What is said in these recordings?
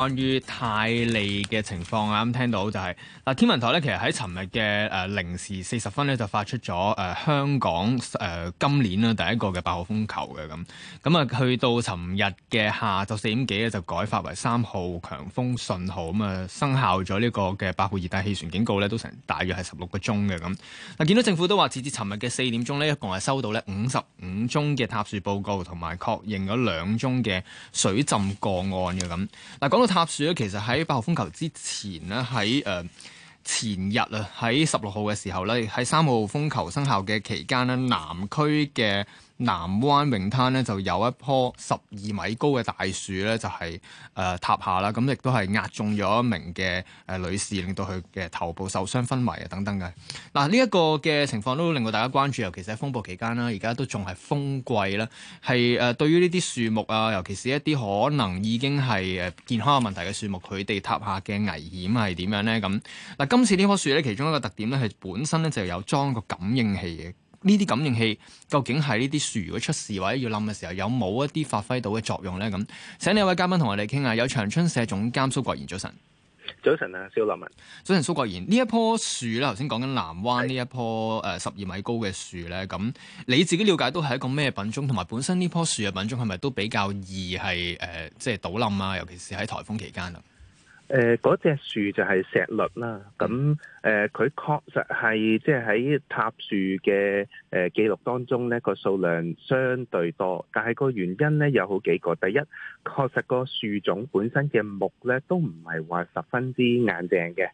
關於泰利嘅情況啊，啱聽到就係、是、嗱，天文台咧，其實喺尋日嘅誒、呃、零時四十分咧，就發出咗誒、呃、香港誒、呃、今年啊第一個嘅八號風球嘅，咁，咁啊去到尋日嘅下晝四點幾咧，就改發為三號強風信號，咁啊生效咗呢個嘅八號熱帶氣旋警告咧，都成大約係十六個鐘嘅，咁。嗱，見到政府都話，截至尋日嘅四點鐘咧，一共係收到咧五十五宗嘅塌樹報告，同埋確認咗兩宗嘅水浸個案嘅，咁。嗱，講到塌樹咧，其實喺八號風球之前咧，喺誒、呃、前日啊，喺十六號嘅時候咧，喺三號風球生效嘅期間咧，南區嘅，南灣泳灘咧就有一棵十二米高嘅大樹咧，就係誒塌下啦，咁亦都係壓中咗一名嘅誒、呃、女士，令到佢嘅頭部受傷昏迷等等嘅。嗱、啊，呢、這、一個嘅情況都令到大家關注，尤其是喺風暴期間啦，而家都仲係風季啦，係誒、呃、對於呢啲樹木啊，尤其是一啲可能已經係誒健康嘅問題嘅樹木，佢哋塌下嘅危險係點樣呢？咁嗱、啊，今次呢棵樹咧，其中一個特點咧係本身咧就有裝一個感應器嘅。呢啲感應器究竟係呢啲樹如果出事或者要冧嘅時候，有冇一啲發揮到嘅作用咧？咁請呢一位嘉賓同我哋傾下。有長春社總監蘇國賢，早晨，早晨啊，肖立文，早晨蘇國賢。呢一棵樹咧，頭先講緊南灣呢一棵誒十二米高嘅樹咧，咁是你自己了解都係一個咩品種，同埋本身呢棵樹嘅品種係咪都比較易係誒，即、呃、係、就是、倒冧啊？尤其是喺颱風期間啊！誒嗰、呃、隻樹就係石栗啦，咁誒佢確實係即係喺塌樹嘅誒記錄當中咧，個數量相對多，但係個原因咧有好幾個。第一，確實個樹種本身嘅木咧都唔係話十分之硬淨嘅，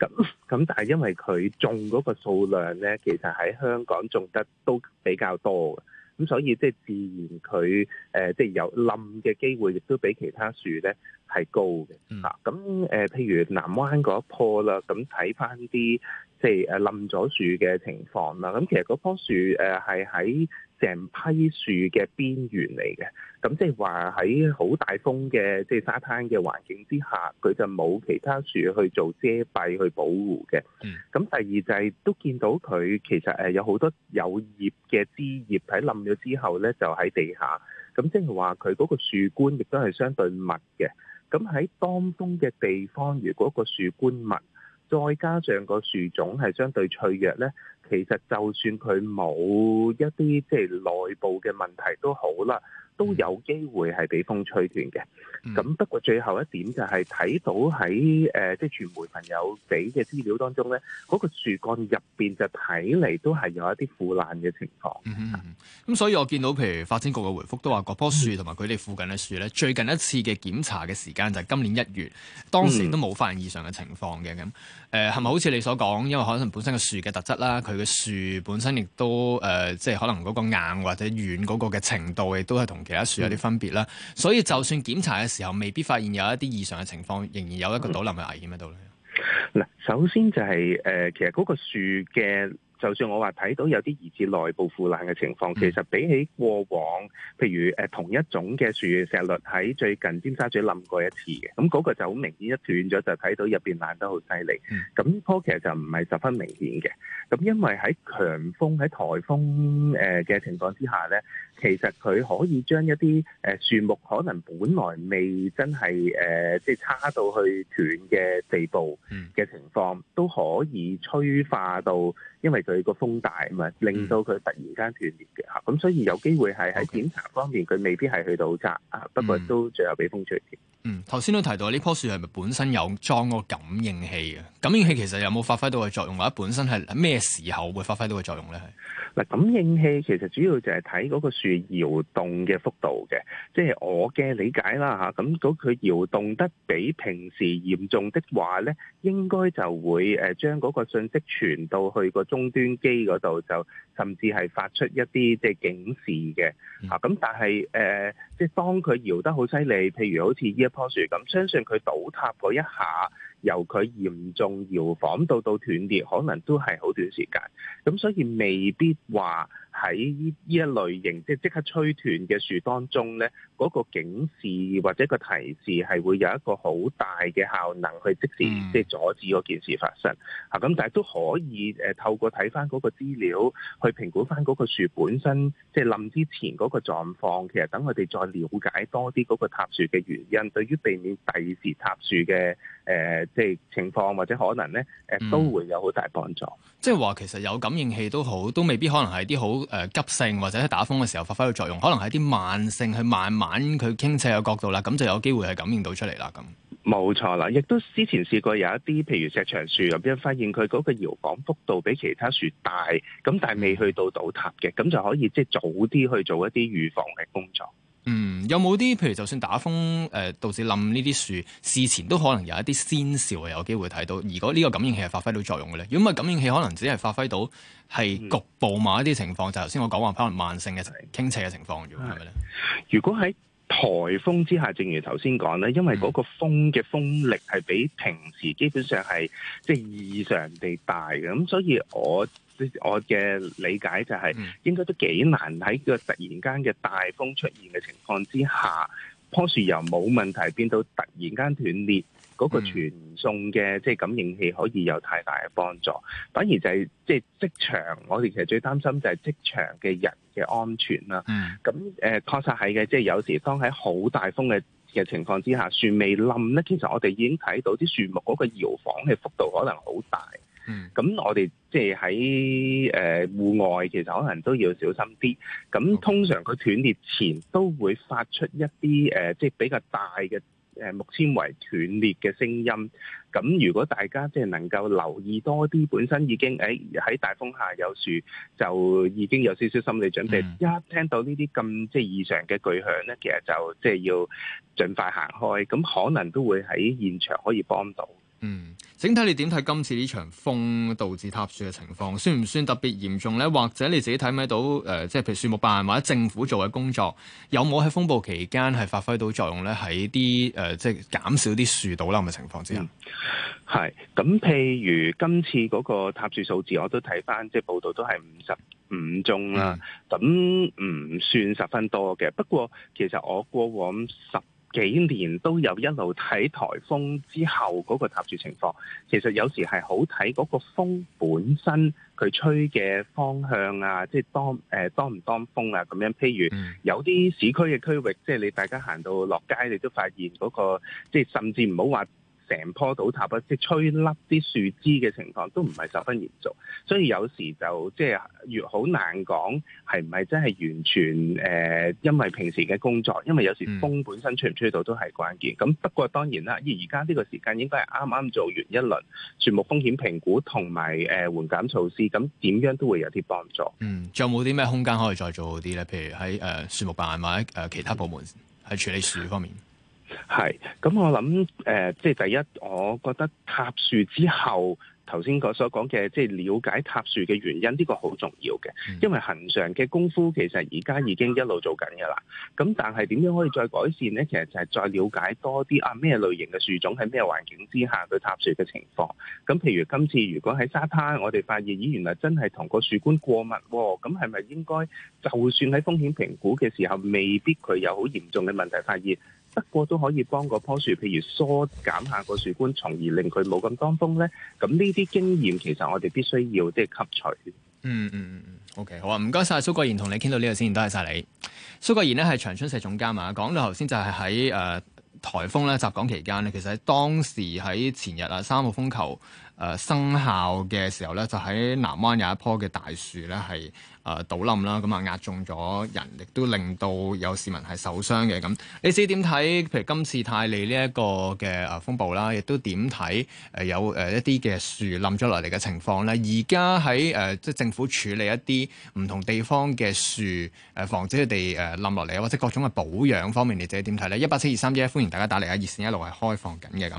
咁咁、嗯嗯、但係因為佢種嗰個數量咧，其實喺香港種得都比較多嘅。咁所以即係自然佢誒即係有冧嘅機會，亦都比其他樹咧係高嘅嚇。咁誒、嗯啊呃，譬如南灣嗰一棵啦，咁睇返啲即係誒冧咗樹嘅情況啦。咁、啊、其實嗰棵樹誒係喺，呃成批樹嘅邊緣嚟嘅，咁即係話喺好大風嘅即係沙灘嘅環境之下，佢就冇其他樹去做遮蔽去保護嘅。嗯，咁第二就係都見到佢其實誒有好多有葉嘅枝葉喺冧咗之後咧，就喺地下，咁即係話佢嗰個樹冠亦都係相對密嘅。咁喺當中嘅地方，如果個樹冠密，再加上個樹種係相對脆弱咧，其實就算佢冇一啲即係內部嘅問題都好啦。都有機會係被風吹斷嘅，咁、嗯、不過最後一點就係睇到喺誒即係傳媒朋友俾嘅資料當中咧，嗰、嗰個樹幹入邊就睇嚟都係有一啲腐爛嘅情況。咁、嗯、所以我見到譬如發展局嘅回覆都話，嗰樖樹同埋佢哋附近嘅樹咧，嗯、最近一次嘅檢查嘅時間就係今年一月，當時都冇發現異常嘅情況嘅。咁誒係咪好似你所講，因為可能本身嘅樹嘅特質啦，佢嘅樹本身亦都誒、呃、即係可能嗰個硬或者軟嗰個嘅程度亦都係同其他樹有啲分別啦，嗯、所以就算檢查嘅時候未必發現有一啲異常嘅情況，仍然有一個倒冧嘅危險喺度咧。嗱，首先就係、是、誒、呃，其實嗰個樹嘅，就算我話睇到有啲疑似內部腐爛嘅情況，其實比起過往，譬如誒同一種嘅樹嘅石栗喺最近尖沙咀冧過一次嘅，咁、那、嗰個就好明顯一斷咗就睇到入邊爛得好犀利。咁、嗯、棵其實就唔係十分明顯嘅，咁因為喺強風喺颱風誒嘅情況之下咧。其實佢可以將一啲誒、呃、樹木可能本來未真係誒、呃、即係差到去斷嘅地步嘅情況，嗯、都可以催化到，因為佢個風大，嘛、嗯，令到佢突然間斷裂嘅嚇。咁所以有機會係喺檢查方面，佢未必係去到扎啊。不過都最後俾風吹。嗯，頭先都提到呢棵樹係咪本身有裝個感應器啊？感應器其實有冇發揮到嘅作用，或者本身係咩時候會發揮到嘅作用咧？係？嗱，感應器其實主要就係睇嗰個樹搖動嘅幅度嘅，即係我嘅理解啦吓，咁如果佢搖動得比平時嚴重的話呢，應該就會誒將嗰個信息傳到去個終端機嗰度，就甚至係發出一啲即係警示嘅嚇。咁、啊、但係誒、呃，即係當佢搖得好犀利，譬如好似呢一棵樹咁，相信佢倒塌嗰一下。由佢嚴重搖晃到到斷裂，可能都係好短時間，咁所以未必話。喺呢呢一類型，即係即刻吹斷嘅樹當中咧，嗰、那個警示或者個提示係會有一個好大嘅效能去即時即係阻止嗰件事發生。嚇咁、嗯，但係都可以誒透過睇翻嗰個資料去評估翻嗰個樹本身即係冧之前嗰個狀況。其實等佢哋再了解多啲嗰個塌樹嘅原因，對於避免第二時塌樹嘅誒即係情況或者可能咧誒都會有好大幫助。嗯、即係話其實有感應器都好，都未必可能係啲好。誒、呃、急性或者喺打風嘅時候發揮嘅作用，可能係啲慢性，去慢慢佢傾斜嘅角度啦，咁就有機會係感應到出嚟啦。咁冇錯啦，亦都之前試過有一啲，譬如石牆樹咁樣，發現佢嗰個搖晃幅度比其他樹大，咁但係未去到倒塌嘅，咁就可以即係早啲去做一啲預防嘅工作。嗯，有冇啲譬如就算打風誒導致冧呢啲樹，事前都可能有一啲先兆係有機會睇到，如果呢個感應器係發揮到作用嘅咧？如果唔係，感應器可能只係發揮到係局部某一啲情況，嗯、就頭先我講話可能慢性嘅是傾斜嘅情況，仲係咪咧？如果喺台風之下，正如頭先講咧，因為嗰個風嘅風力係比平時基本上係即係異常地大嘅，咁所以我我嘅理解就係應該都幾難喺個突然間嘅大風出現嘅情況之下，棵樹由冇問題變到突然間斷裂。嗰個傳送嘅即係感應器可以有太大嘅幫助，反而就係即係職場，我哋其實最擔心就係職場嘅人嘅安全啦。咁誒確實係嘅，即係有時當喺好大風嘅嘅情況之下，樹未冧咧，其實我哋已經睇到啲樹木嗰個搖晃嘅幅度可能好大。咁我哋即係喺誒戶外，其實可能都要小心啲。咁通常佢斷裂前都會發出一啲誒，即係比較大嘅。誒木纖維斷裂嘅聲音，咁如果大家即係能夠留意多啲，本身已經誒喺、哎、大風下有樹，就已經有少少心理準備。Mm. 一聽到呢啲咁即係異常嘅巨響咧，其實就即係要盡快行開，咁可能都會喺現場可以幫到。嗯，整體你點睇今次呢場風導致塌樹嘅情況，算唔算特別嚴重咧？或者你自己睇唔睇到誒，即、呃、係譬如樹木辦或者政府做嘅工作，有冇喺風暴期間係發揮到作用咧？喺啲誒，即係減少啲樹倒冧嘅情況之下，係咁、嗯。譬如今次嗰個塌樹數字，我都睇翻，即係報道都係五十五宗啦，咁唔、嗯、算十分多嘅。不過其實我過往十。幾年都有一路睇颱風之後嗰個塌樹情況，其實有時係好睇嗰個風本身佢吹嘅方向啊，即係當誒、呃、當唔當風啊咁樣。譬如有啲市區嘅區域，即係你大家行到落街，你都發現嗰、嗰個即係甚至唔好話。成棵倒塌啊！即係吹甩啲樹枝嘅情況都唔係十分嚴重，所以有時就即係越好難講係唔係真係完全誒、呃，因為平時嘅工作，因為有時風本身吹唔吹到都係關鍵。咁不過當然啦，而家呢個時間應該係啱啱做完一輪樹木風險評估同埋誒緩減措施，咁點樣都會有啲幫助。嗯，仲有冇啲咩空間可以再做好啲咧？譬如喺誒、呃、樹木辦或者誒其他部門喺處理樹方面。係，咁我諗誒、呃，即係第一，我覺得塌樹之後，頭先我所講嘅，即係了解塌樹嘅原因，呢、這個好重要嘅。因為恆常嘅功夫，其實而家已經一路做緊噶啦。咁但係點樣可以再改善呢？其實就係再了解多啲啊，咩類型嘅樹種喺咩環境之下佢塌樹嘅情況。咁譬如今次如果喺沙灘，我哋發現咦，原來真係同個樹冠過密，咁係咪應該就算喺風險評估嘅時候，未必佢有好嚴重嘅問題發現？不過都可以幫嗰棵樹，譬如縮減下個樹冠，從而令佢冇咁當風咧。咁呢啲經驗其實我哋必須要即係吸取。嗯嗯嗯嗯。嗯，OK，好啊，唔該晒，蘇國賢，同你傾到呢度先，多謝晒你。蘇國賢咧係長春社總監啊，講到頭先就係喺誒颱風咧襲港期間咧，其實喺當時喺前日啊三號風球。誒、呃、生效嘅時候咧，就喺南灣有一棵嘅大樹咧，係誒、呃、倒冧啦，咁、呃、啊壓中咗人，亦都令到有市民係受傷嘅。咁你自己點睇？譬如今次泰利呢一個嘅誒風暴啦，亦都點睇？誒、呃、有誒、呃、一啲嘅樹冧咗落嚟嘅情況咧，而家喺誒即係政府處理一啲唔同地方嘅樹誒、呃，防止佢哋誒冧落嚟，或者各種嘅保養方面，你自己點睇咧？一八七二三一，歡迎大家打嚟啊！熱線一路係開放緊嘅咁。